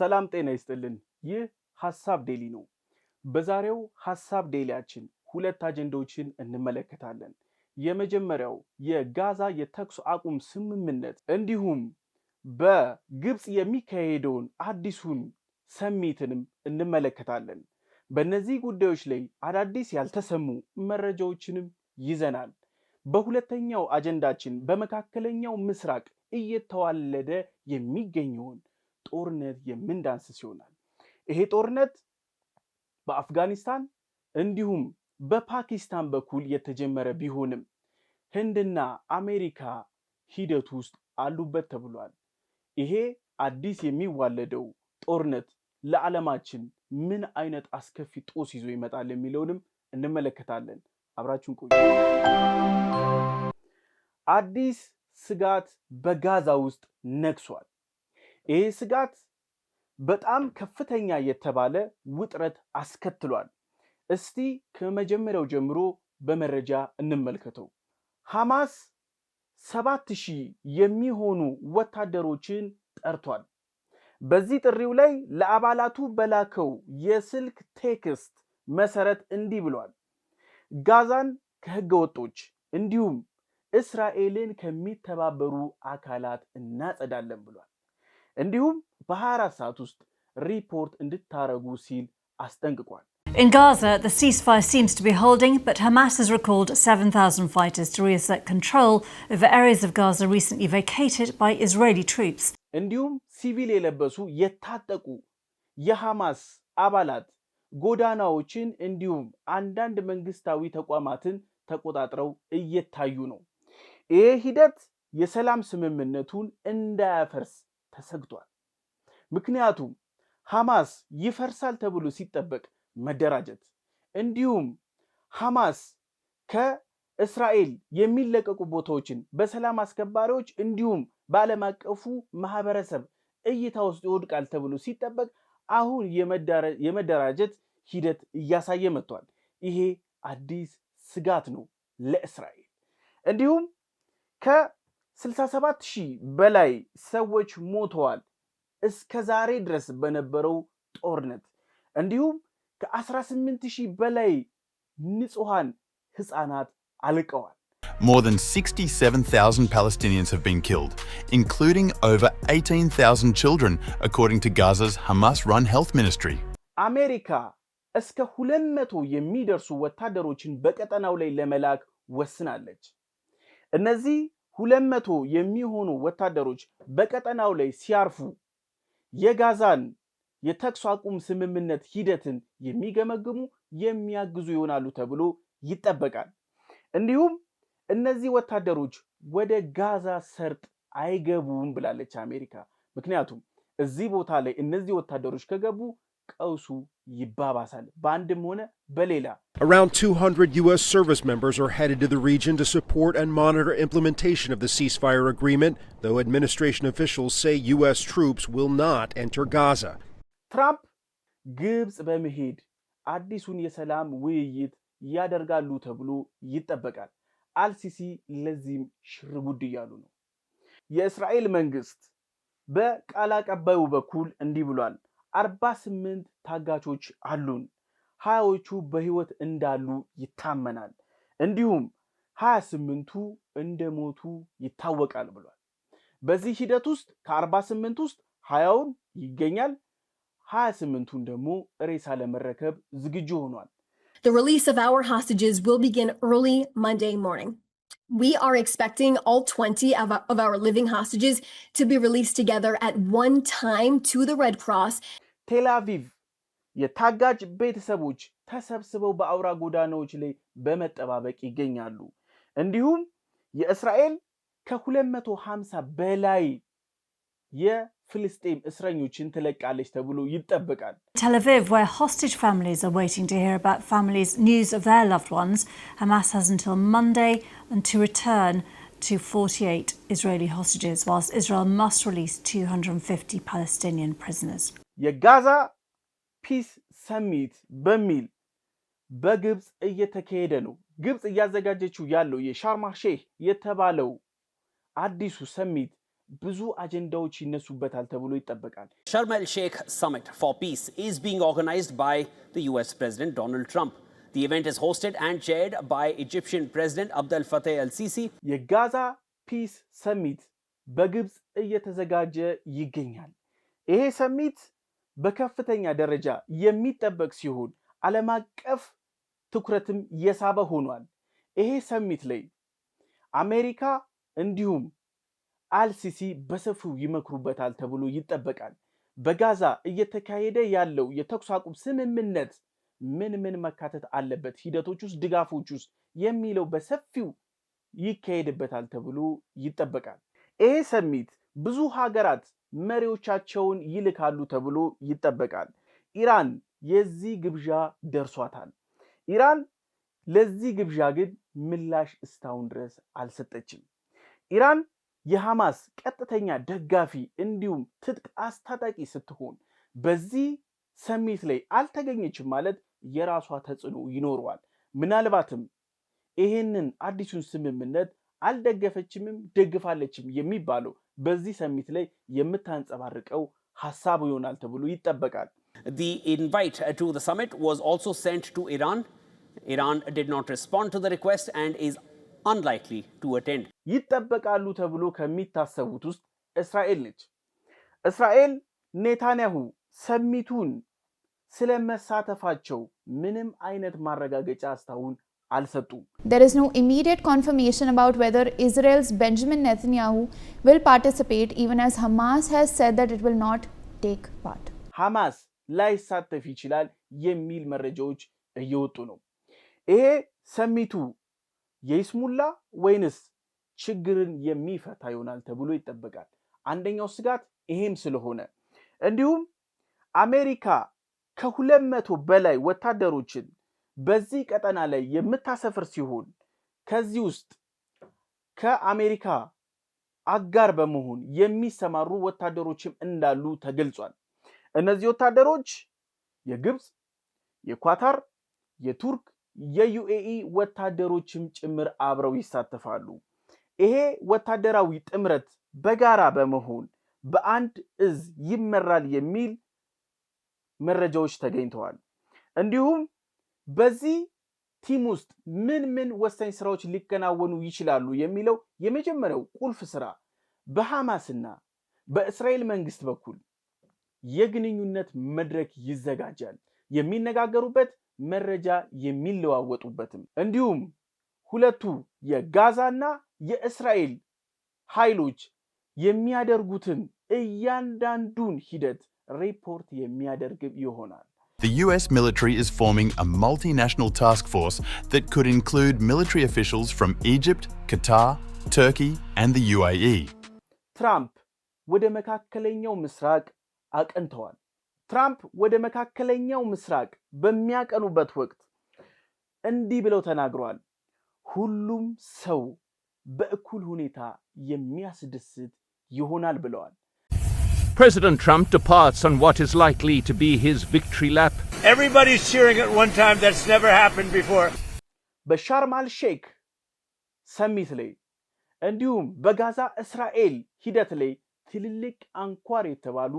ሰላም ጤና ይስጥልን። ይህ ሀሳብ ዴሊ ነው። በዛሬው ሀሳብ ዴሊያችን ሁለት አጀንዳዎችን እንመለከታለን። የመጀመሪያው የጋዛ የተኩስ አቁም ስምምነት እንዲሁም በግብፅ የሚካሄደውን አዲሱን ሰሚትንም እንመለከታለን። በእነዚህ ጉዳዮች ላይ አዳዲስ ያልተሰሙ መረጃዎችንም ይዘናል። በሁለተኛው አጀንዳችን በመካከለኛው ምስራቅ እየተዋለደ የሚገኘውን ጦርነት የምንዳስስ ይሆናል። ይሄ ጦርነት በአፍጋኒስታን እንዲሁም በፓኪስታን በኩል የተጀመረ ቢሆንም ህንድና አሜሪካ ሂደት ውስጥ አሉበት ተብሏል። ይሄ አዲስ የሚዋለደው ጦርነት ለዓለማችን ምን አይነት አስከፊ ጦስ ይዞ ይመጣል የሚለውንም እንመለከታለን። አብራችሁን ቆዩ። አዲስ ስጋት በጋዛ ውስጥ ነግሷል። ይህ ስጋት በጣም ከፍተኛ የተባለ ውጥረት አስከትሏል። እስቲ ከመጀመሪያው ጀምሮ በመረጃ እንመልከተው። ሐማስ ሰባት ሺህ የሚሆኑ ወታደሮችን ጠርቷል። በዚህ ጥሪው ላይ ለአባላቱ በላከው የስልክ ቴክስት መሰረት እንዲህ ብሏል። ጋዛን ከህገ ወጦች እንዲሁም እስራኤልን ከሚተባበሩ አካላት እናጸዳለን ብሏል። እንዲሁም በ24 ሰዓት ውስጥ ሪፖርት እንድታረጉ ሲል አስጠንቅቋል። In Gaza, the ceasefire seems to be holding, but Hamas has recalled 7,000 fighters to reassert control over areas of Gaza recently vacated by Israeli troops. እንዲሁም ሲቪል የለበሱ የታጠቁ የሐማስ አባላት ጎዳናዎችን እንዲሁም አንዳንድ መንግስታዊ ተቋማትን ተቆጣጥረው እየታዩ ነው። ይህ ሂደት የሰላም ስምምነቱን እንዳያፈርስ ተሰግቷል። ምክንያቱም ሐማስ ይፈርሳል ተብሎ ሲጠበቅ መደራጀት እንዲሁም ሐማስ ከእስራኤል የሚለቀቁ ቦታዎችን በሰላም አስከባሪዎች እንዲሁም በዓለም አቀፉ ማህበረሰብ እይታ ውስጥ ይወድቃል ተብሎ ሲጠበቅ አሁን የመደራጀት ሂደት እያሳየ መጥቷል። ይሄ አዲስ ስጋት ነው ለእስራኤል። እንዲሁም ከ67 ሺህ በላይ ሰዎች ሞተዋል እስከ ዛሬ ድረስ በነበረው ጦርነት። እንዲሁም ከ18 ሺህ በላይ ንጹሐን ህፃናት አልቀዋል። more than 67,000 Palestinians have been killed, including over 18,000 children, according to Gaza's Hamas-run health ministry. አሜሪካ እስከ 200 የሚደርሱ ወታደሮችን በቀጠናው ላይ ለመላክ ወስናለች። እነዚህ 200 የሚሆኑ ወታደሮች በቀጠናው ላይ ሲያርፉ የጋዛን የተኩስ አቁም ስምምነት ሂደትን የሚገመግሙ የሚያግዙ ይሆናሉ ተብሎ ይጠበቃል። እንዲሁም እነዚህ ወታደሮች ወደ ጋዛ ሰርጥ አይገቡም ብላለች አሜሪካ። ምክንያቱም እዚህ ቦታ ላይ እነዚህ ወታደሮች ከገቡ ቀውሱ ይባባሳል በአንድም ሆነ በሌላ። Around 200 US service members are headed to the region to support and monitor implementation of the ceasefire agreement, though administration officials say US troops will not enter Gaza. ትራምፕ ግብፅ በመሄድ አዲሱን የሰላም ውይይት ያደርጋሉ ተብሎ ይጠበቃል። አልሲሲ ለዚህም ሽርጉድ እያሉ ነው። የእስራኤል መንግስት በቃል አቀባዩ በኩል እንዲህ ብሏል። አርባ ስምንት ታጋቾች አሉን። ሀያዎቹ በህይወት እንዳሉ ይታመናል፣ እንዲሁም ሀያ ስምንቱ እንደሞቱ ይታወቃል ብሏል። በዚህ ሂደት ውስጥ ከአርባ ስምንት ውስጥ ሀያውን ይገኛል፣ ሀያ ስምንቱን ደግሞ ሬሳ ለመረከብ ዝግጁ ሆኗል። The release of our hostages will begin early Monday morning. We are expecting all 20 of our, of our living hostages to be released together at one time to the Red Cross. ቴል አቪቭ የታጋጅ ቤተሰቦች ተሰብስበው በአውራ ጎዳናዎች ላይ በመጠባበቅ ይገኛሉ። እንዲሁም የእስራኤል hamsa belai በላይ Tel Aviv, where hostage families are waiting to hear about families' news of their loved ones, Hamas has until Monday and to return to 48 Israeli hostages, whilst Israel must release 250 Palestinian prisoners. የጋዛ ፒስ ሰሚት በሚል በግብፅ እየተካሄደ ነው። ግብፅ እያዘጋጀችው ያለው የተባለው አዲሱ ሰሚት ብዙ አጀንዳዎች ይነሱበታል ተብሎ ይጠበቃል። ሻርም ሼክ ሰሚት ፎር ፒስ ኢዝ ቢንግ ኦርጋናይዝድ ባይ ዩ ኤስ ፕሬዚደንት ዶናልድ ትራምፕ The ኢቨንት ኢዝ hosted and chaired ባይ ኢጂፕሽን ፕሬዚደንት Abdel Fattah የጋዛ ፒስ ሰሚት በግብፅ እየተዘጋጀ ይገኛል። ይሄ ሰሚት በከፍተኛ ደረጃ የሚጠበቅ ሲሆን ዓለም አቀፍ ትኩረትም የሳበ ሆኗል። ይሄ ሰሚት ላይ አሜሪካ እንዲሁም አልሲሲ በሰፊው ይመክሩበታል ተብሎ ይጠበቃል። በጋዛ እየተካሄደ ያለው የተኩስ አቁም ስምምነት ምን ምን መካተት አለበት፣ ሂደቶች ውስጥ፣ ድጋፎች ውስጥ የሚለው በሰፊው ይካሄድበታል ተብሎ ይጠበቃል። ይሄ ሰሚት ብዙ ሀገራት መሪዎቻቸውን ይልካሉ ተብሎ ይጠበቃል። ኢራን የዚህ ግብዣ ደርሷታል። ኢራን ለዚህ ግብዣ ግን ምላሽ እስካሁን ድረስ አልሰጠችም። ኢራን የሐማስ ቀጥተኛ ደጋፊ እንዲሁም ትጥቅ አስታጣቂ ስትሆን በዚህ ሰሚት ላይ አልተገኘችም ማለት የራሷ ተጽዕኖ ይኖረዋል። ምናልባትም ይህንን አዲሱን ስምምነት አልደገፈችምም ደግፋለችም የሚባለው በዚህ ሰሚት ላይ የምታንጸባርቀው ሀሳቡ ይሆናል ተብሎ ይጠበቃል። The invite to the summit was also ኢራን to Iran. Iran አንላይክሊ ቱ አቴንድ ይጠበቃሉ ተብሎ ከሚታሰቡት ውስጥ እስራኤል ነች። እስራኤል ኔታንያሁ ሰሚቱን ስለመሳተፋቸው ምንም አይነት ማረጋገጫ እስካሁን አልሰጡም። There is no immediate confirmation about whether Israel's Benjamin Netanyahu will participate even as Hamas has said that it will not take part. ሐማስ ላይሳተፍ ይችላል የሚል መረጃዎች እየወጡ ነው። ይሄ ሰሚቱ የይስሙላ ወይንስ ችግርን የሚፈታ ይሆናል ተብሎ ይጠበቃል። አንደኛው ስጋት ይሄም ስለሆነ እንዲሁም አሜሪካ ከሁለት መቶ በላይ ወታደሮችን በዚህ ቀጠና ላይ የምታሰፍር ሲሆን ከዚህ ውስጥ ከአሜሪካ አጋር በመሆን የሚሰማሩ ወታደሮችም እንዳሉ ተገልጿል። እነዚህ ወታደሮች የግብፅ፣ የኳታር፣ የቱርክ የዩኤኢ ወታደሮችም ጭምር አብረው ይሳተፋሉ። ይሄ ወታደራዊ ጥምረት በጋራ በመሆን በአንድ እዝ ይመራል የሚል መረጃዎች ተገኝተዋል። እንዲሁም በዚህ ቲም ውስጥ ምን ምን ወሳኝ ስራዎች ሊከናወኑ ይችላሉ የሚለው የመጀመሪያው ቁልፍ ስራ በሐማስና በእስራኤል መንግስት በኩል የግንኙነት መድረክ ይዘጋጃል። የሚነጋገሩበት መረጃ የሚለዋወጡበትም እንዲሁም ሁለቱ የጋዛና የእስራኤል ኃይሎች የሚያደርጉትን እያንዳንዱን ሂደት ሪፖርት ይሆናል። The US military is forming a multinational task force that could include military officials from Egypt, Qatar, Turkey and the UAE. ትራምፕ ወደ መካከለኛው ምስራቅ አቅንተዋል። ትራምፕ ወደ መካከለኛው ምስራቅ በሚያቀኑበት ወቅት እንዲህ ብለው ተናግረዋል። ሁሉም ሰው በእኩል ሁኔታ የሚያስደስት ይሆናል ብለዋል። President Trump departs on what is likely to be his victory lap. Everybody's cheering at one time. That's never happened before. በሻርም ሼክ ሰሚት ላይ እንዲሁም በጋዛ እስራኤል ሂደት ላይ ትልልቅ አንኳር የተባሉ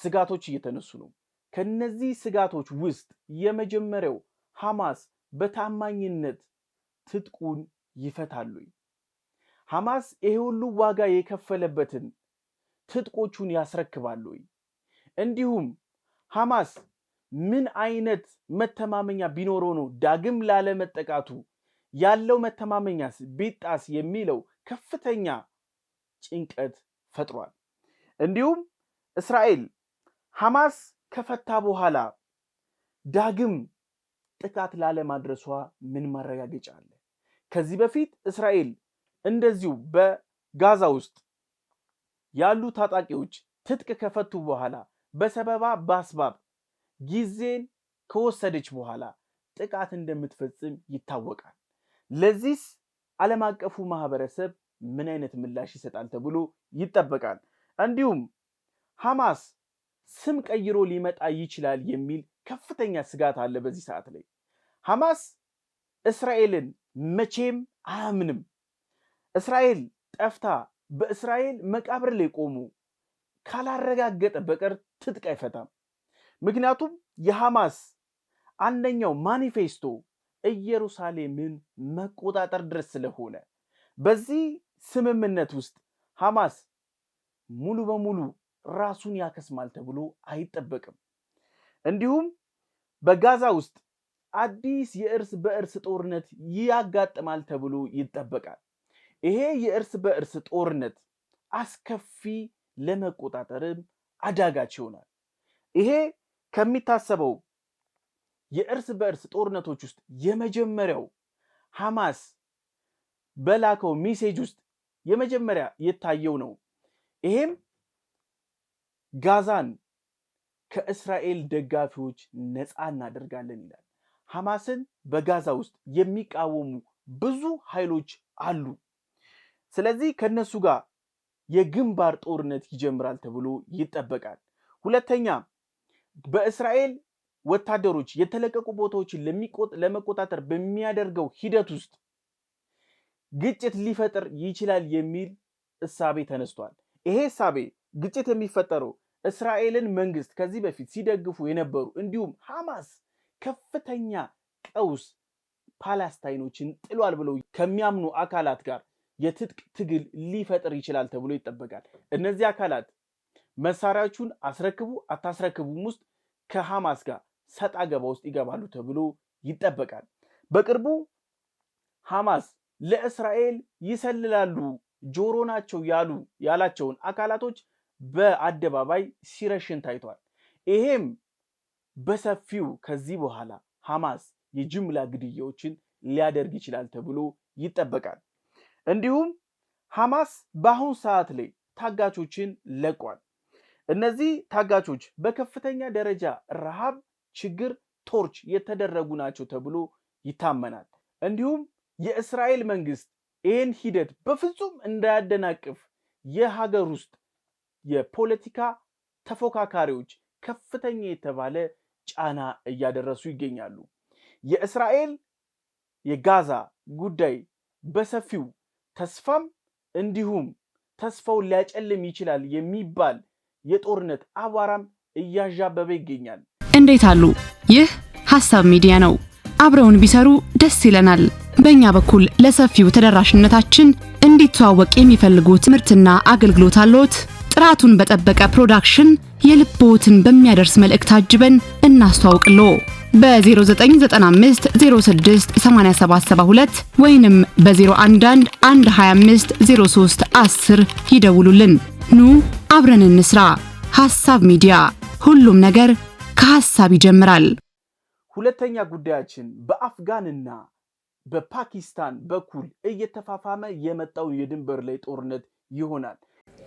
ስጋቶች እየተነሱ ነው። ከነዚህ ስጋቶች ውስጥ የመጀመሪያው ሐማስ በታማኝነት ትጥቁን ይፈታሉ። ሐማስ ይሄ ሁሉ ዋጋ የከፈለበትን ትጥቆቹን ያስረክባሉ። እንዲሁም ሐማስ ምን አይነት መተማመኛ ቢኖረው ነው ዳግም ላለመጠቃቱ ያለው መተማመኛስ ቢጣስ የሚለው ከፍተኛ ጭንቀት ፈጥሯል። እንዲሁም እስራኤል ሐማስ ከፈታ በኋላ ዳግም ጥቃት ላለማድረሷ ምን ማረጋገጫ አለ? ከዚህ በፊት እስራኤል እንደዚሁ በጋዛ ውስጥ ያሉ ታጣቂዎች ትጥቅ ከፈቱ በኋላ በሰበባ በአስባብ ጊዜን ከወሰደች በኋላ ጥቃት እንደምትፈጽም ይታወቃል። ለዚህስ ዓለም አቀፉ ማህበረሰብ ምን አይነት ምላሽ ይሰጣል ተብሎ ይጠበቃል? እንዲሁም ሐማስ ስም ቀይሮ ሊመጣ ይችላል የሚል ከፍተኛ ስጋት አለ። በዚህ ሰዓት ላይ ሐማስ እስራኤልን መቼም አያምንም። እስራኤል ጠፍታ በእስራኤል መቃብር ላይ ቆሙ ካላረጋገጠ በቀር ትጥቅ አይፈታም። ምክንያቱም የሐማስ አንደኛው ማኒፌስቶ ኢየሩሳሌምን መቆጣጠር ድረስ ስለሆነ በዚህ ስምምነት ውስጥ ሐማስ ሙሉ በሙሉ ራሱን ያከስማል ተብሎ አይጠበቅም። እንዲሁም በጋዛ ውስጥ አዲስ የእርስ በእርስ ጦርነት ያጋጥማል ተብሎ ይጠበቃል። ይሄ የእርስ በእርስ ጦርነት አስከፊ፣ ለመቆጣጠርም አዳጋች ይሆናል። ይሄ ከሚታሰበው የእርስ በእርስ ጦርነቶች ውስጥ የመጀመሪያው ሐማስ በላከው ሜሴጅ ውስጥ የመጀመሪያ የታየው ነው። ይሄም ጋዛን ከእስራኤል ደጋፊዎች ነፃ እናደርጋለን ይላል። ሐማስን በጋዛ ውስጥ የሚቃወሙ ብዙ ኃይሎች አሉ። ስለዚህ ከነሱ ጋር የግንባር ጦርነት ይጀምራል ተብሎ ይጠበቃል። ሁለተኛ በእስራኤል ወታደሮች የተለቀቁ ቦታዎችን ለመቆጣጠር በሚያደርገው ሂደት ውስጥ ግጭት ሊፈጥር ይችላል የሚል እሳቤ ተነስቷል። ይሄ እሳቤ ግጭት የሚፈጠረው እስራኤልን መንግስት ከዚህ በፊት ሲደግፉ የነበሩ እንዲሁም ሐማስ ከፍተኛ ቀውስ ፓላስታይኖችን ጥሏል ብለው ከሚያምኑ አካላት ጋር የትጥቅ ትግል ሊፈጥር ይችላል ተብሎ ይጠበቃል። እነዚህ አካላት መሳሪያዎቹን አስረክቡ አታስረክቡም ውስጥ ከሐማስ ጋር ሰጣ ገባ ውስጥ ይገባሉ ተብሎ ይጠበቃል። በቅርቡ ሐማስ ለእስራኤል ይሰልላሉ ጆሮ ናቸው ያሉ ያላቸውን አካላቶች በአደባባይ ሲረሽን ታይቷል። ይሄም በሰፊው ከዚህ በኋላ ሐማስ የጅምላ ግድያዎችን ሊያደርግ ይችላል ተብሎ ይጠበቃል። እንዲሁም ሐማስ በአሁን ሰዓት ላይ ታጋቾችን ለቋል። እነዚህ ታጋቾች በከፍተኛ ደረጃ ረሃብ፣ ችግር፣ ቶርች የተደረጉ ናቸው ተብሎ ይታመናል። እንዲሁም የእስራኤል መንግስት ይህን ሂደት በፍጹም እንዳያደናቅፍ የሀገር ውስጥ የፖለቲካ ተፎካካሪዎች ከፍተኛ የተባለ ጫና እያደረሱ ይገኛሉ። የእስራኤል የጋዛ ጉዳይ በሰፊው ተስፋም እንዲሁም ተስፋውን ሊያጨልም ይችላል የሚባል የጦርነት አቧራም እያዣበበ ይገኛል። እንዴት አሉ? ይህ ሀሳብ ሚዲያ ነው። አብረውን ቢሰሩ ደስ ይለናል። በእኛ በኩል ለሰፊው ተደራሽነታችን እንዲተዋወቅ የሚፈልጉት ምርትና አገልግሎት አለዎት? ጥራቱን በጠበቀ ፕሮዳክሽን የልቦትን በሚያደርስ መልእክት አጅበን እናስተዋውቅሎ በ0995 06 8772 ወይንም በ011 125 03 10 ይደውሉልን። ኑ አብረን እንስራ። ሐሳብ ሚዲያ፣ ሁሉም ነገር ከሐሳብ ይጀምራል። ሁለተኛ ጉዳያችን በአፍጋንና በፓኪስታን በኩል እየተፋፋመ የመጣው የድንበር ላይ ጦርነት ይሆናል።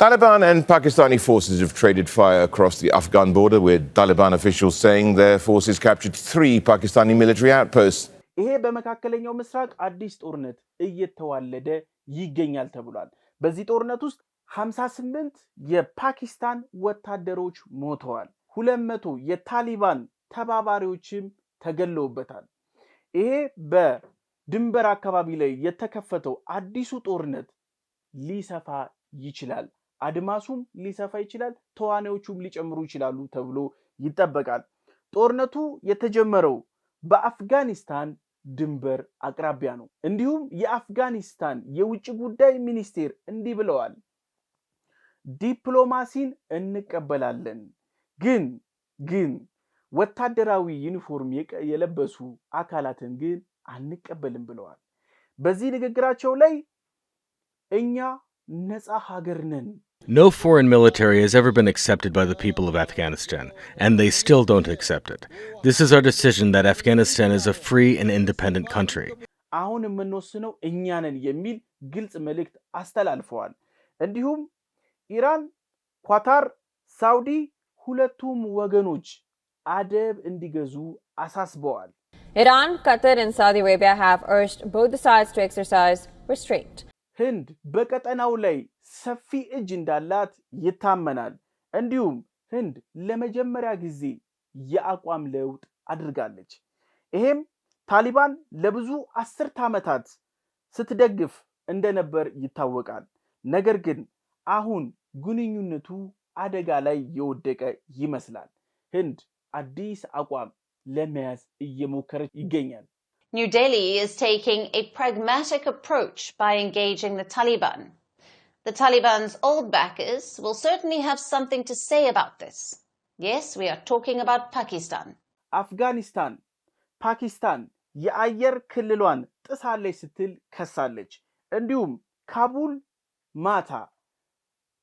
Taliban and Pakistani forces have traded fire across the Afghan border, with Taliban officials saying their forces captured three Pakistani military outposts. ይሄ በመካከለኛው ምስራቅ አዲስ ጦርነት እየተዋለደ ይገኛል ተብሏል። በዚህ ጦርነት ውስጥ 58 የፓኪስታን ወታደሮች ሞተዋል። 200 የታሊባን ተባባሪዎችም ተገለውበታል። ይሄ በድንበር አካባቢ ላይ የተከፈተው አዲሱ ጦርነት ሊሰፋ ይችላል። አድማሱም ሊሰፋ ይችላል፣ ተዋናዮቹም ሊጨምሩ ይችላሉ ተብሎ ይጠበቃል። ጦርነቱ የተጀመረው በአፍጋኒስታን ድንበር አቅራቢያ ነው። እንዲሁም የአፍጋኒስታን የውጭ ጉዳይ ሚኒስቴር እንዲህ ብለዋል፣ ዲፕሎማሲን እንቀበላለን፣ ግን ግን ወታደራዊ ዩኒፎርም የለበሱ አካላትን ግን አንቀበልም ብለዋል። በዚህ ንግግራቸው ላይ እኛ ነፃ ሀገር ነን No foreign military has ever been accepted by the people of Afghanistan, and they still don't accept it. This is our decision that Afghanistan is a free and independent country. አሁን የምንወስነው እኛ ነን የሚል ግልጽ መልእክት አስተላልፈዋል። እንዲሁም ኢራን፣ ኳታር፣ ሳውዲ ሁለቱም ወገኖች አደብ እንዲገዙ አሳስበዋል። Iran, Qatar and Saudi Arabia have urged both the sides to exercise restraint. ህንድ በቀጠናው ላይ ሰፊ እጅ እንዳላት ይታመናል። እንዲሁም ህንድ ለመጀመሪያ ጊዜ የአቋም ለውጥ አድርጋለች። ይሄም ታሊባን ለብዙ አስርት ዓመታት ስትደግፍ እንደነበር ይታወቃል። ነገር ግን አሁን ግንኙነቱ አደጋ ላይ የወደቀ ይመስላል። ህንድ አዲስ አቋም ለመያዝ እየሞከረች ይገኛል። ኒው ዴሊ is taking a pragmatic approach by engaging the Taliban. The Taliban's old backers will certainly have something to say about this. Yes, we are talking about Pakistan. Afghanistan. Pakistan. የአየር ክልሏን ጥሳለች ስትል ከሳለች። እንዲሁም ካቡል ማታ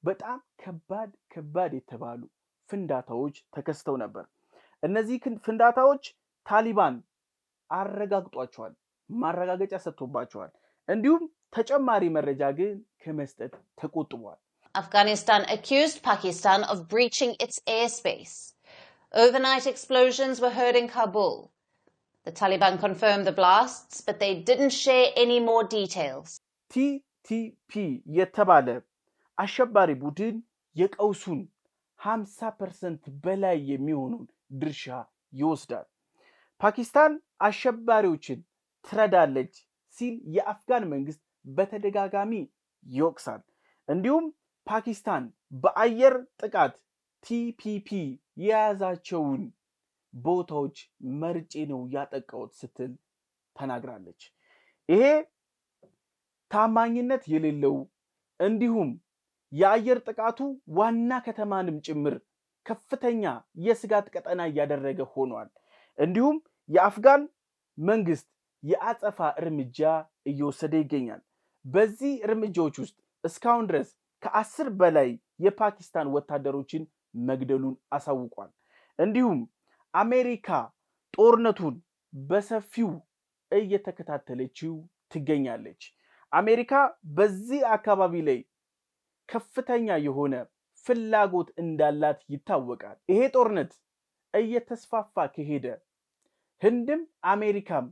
በጣም ከባድ ከባድ የተባሉ ፍንዳታዎች ተከስተው ነበር። እነዚህ ፍንዳታዎች ታሊባን አረጋግጧቸዋል፣ ማረጋገጫ ሰጥቶባቸዋል። እንዲሁም ተጨማሪ መረጃ ግን ከመስጠት ተቆጥቧል። አፍጋኒስታን አኪውዝድ ፓኪስታን ኦፍ ብሪችንግ ኢትስ ኤር ስፔስ ኦቨርናይት ኤክስፕሎዥንስ ወር ሄርድ ካቡል ዘ ታሊባን ኮንፈርም ዘ ብላስትስ በት ዘይ ዲድንት ሼር ኤኒ ሞር ዲቴይልስ። ቲቲፒ የተባለ አሸባሪ ቡድን የቀውሱን 50 ፐርሰንት በላይ የሚሆኑን ድርሻ ይወስዳል። ፓኪስታን አሸባሪዎችን ትረዳለች ሲል የአፍጋን መንግስት በተደጋጋሚ ይወቅሳል። እንዲሁም ፓኪስታን በአየር ጥቃት ቲፒፒ የያዛቸውን ቦታዎች መርጬ ነው ያጠቃሁት ስትል ተናግራለች። ይሄ ታማኝነት የሌለው እንዲሁም የአየር ጥቃቱ ዋና ከተማንም ጭምር ከፍተኛ የስጋት ቀጠና እያደረገ ሆኗል። እንዲሁም የአፍጋን መንግስት የአጸፋ እርምጃ እየወሰደ ይገኛል። በዚህ እርምጃዎች ውስጥ እስካሁን ድረስ ከአስር በላይ የፓኪስታን ወታደሮችን መግደሉን አሳውቋል። እንዲሁም አሜሪካ ጦርነቱን በሰፊው እየተከታተለችው ትገኛለች። አሜሪካ በዚህ አካባቢ ላይ ከፍተኛ የሆነ ፍላጎት እንዳላት ይታወቃል። ይሄ ጦርነት እየተስፋፋ ከሄደ ህንድም አሜሪካም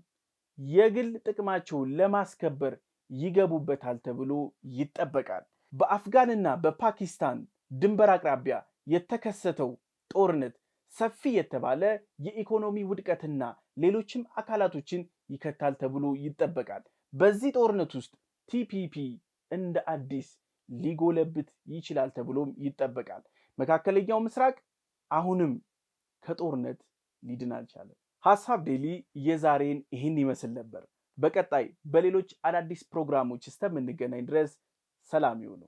የግል ጥቅማቸውን ለማስከበር ይገቡበታል ተብሎ ይጠበቃል። በአፍጋንና በፓኪስታን ድንበር አቅራቢያ የተከሰተው ጦርነት ሰፊ የተባለ የኢኮኖሚ ውድቀትና ሌሎችም አካላቶችን ይከታል ተብሎ ይጠበቃል። በዚህ ጦርነት ውስጥ ቲፒፒ እንደ አዲስ ሊጎለብት ይችላል ተብሎም ይጠበቃል። መካከለኛው ምስራቅ አሁንም ከጦርነት ሊድን አልቻለም። ሀሳብ ዴሊ የዛሬን ይህን ይመስል ነበር። በቀጣይ በሌሎች አዳዲስ ፕሮግራሞች እስከምንገናኝ ድረስ ሰላም ይሁኑ።